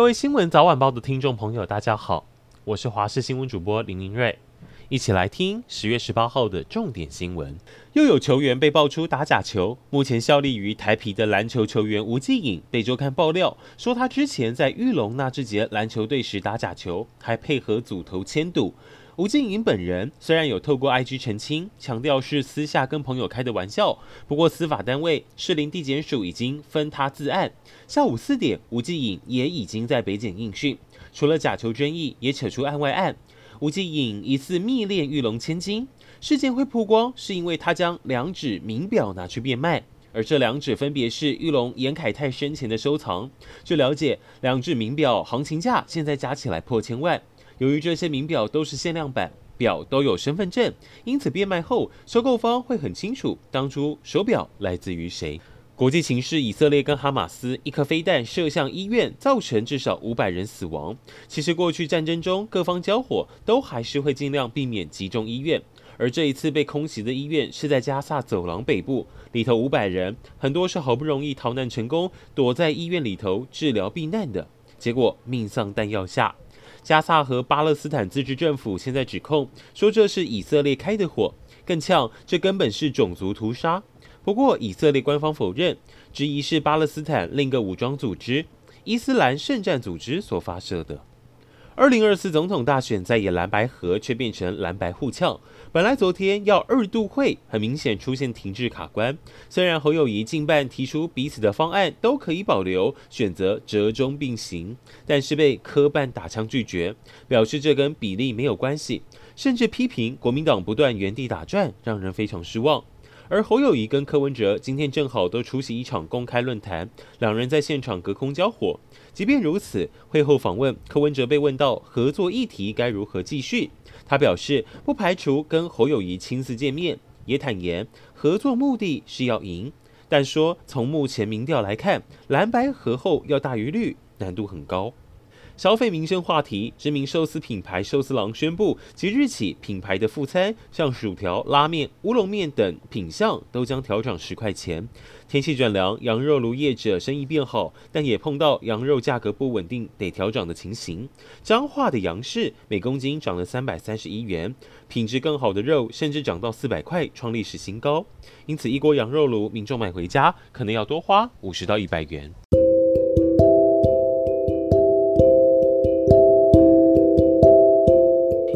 各位新聞早晚報的聽眾朋友，大家好，我是華視新聞主播林明瑞。一起來聽十月十八號的重點新聞。又有球員被爆出打假球，目前效力於台啤的籃球球員吳季穎被周刊爆料說，他之前在裕隆納智捷籃球隊時打假球，還配合組頭簽賭。吳季穎本人雖然有透過 IG 澄清，強調是私下跟朋友開的玩笑，不過司法單位士林地檢署已經分他自案。下午四點，吳季穎也已經在北檢應訊。除了假球爭議，也扯出案外案。吳季穎疑似密戀裕隆千金，事件會曝光是因為她將兩支名錶拿去變賣，而這兩支分別是裕隆嚴凱泰生前的收藏。據了解，兩支名錶行情價現在加起來破千萬。由於這些名表都是限量版，表都有身份證，因此變賣後，收購方會很清楚當初手表來自於誰。國際情勢，以色列跟哈馬斯，一顆飛彈射向醫院，造成至少五百人死亡。其實過去戰爭中，各方交火都還是會儘量避免擊中醫院，而這一次被空襲的醫院是在加薩走廊北部，裡頭五百人，很多是好不容易逃難成功，躲在醫院裡頭治療避難的結果，命喪彈藥下。加薩和巴勒斯坦自治政府現在指控說，這是以色列開的火，更嗆，這根本是種族屠殺。不過以色列官方否認，質疑是巴勒斯坦另一個武裝組織伊斯蘭聖戰組織所發射的。二零二四總統大選在野藍白合，卻變成藍白互嗆。本來昨天要二度會，很明顯出現停滯卡關。雖然侯友宜進辦提出彼此的方案都可以保留，選擇折中並行，但是被柯辦打槍拒絕，表示這跟比例沒有關係，甚至批評國民黨不斷原地打轉，讓人非常失望。而侯友宜跟柯文哲今天正好都出席一場公開論壇，兩人在現場隔空交火。即便如此，會後訪問，柯文哲被問到合作議題該如何繼續，他表示不排除跟侯友宜親自見面，也坦言合作目的是要贏，但說從目前民調來看，藍白合後要大於綠，難度很高。消費民生話題，知名壽司品牌壽司郎宣布，即日起，品牌的副餐像薯條、拉麵、烏龍麵等品項都將調漲十塊錢。天氣轉涼，羊肉爐業者生意變好，但也碰到羊肉價格不穩定得調漲的情形。彰化的羊市每公斤漲了三百三十一元，品質更好的肉甚至漲到四百塊，創歷史新高。因此，一鍋羊肉爐，民眾買回家可能要多花五十到一百元。